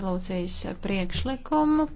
rezolūcijas priekšlikumu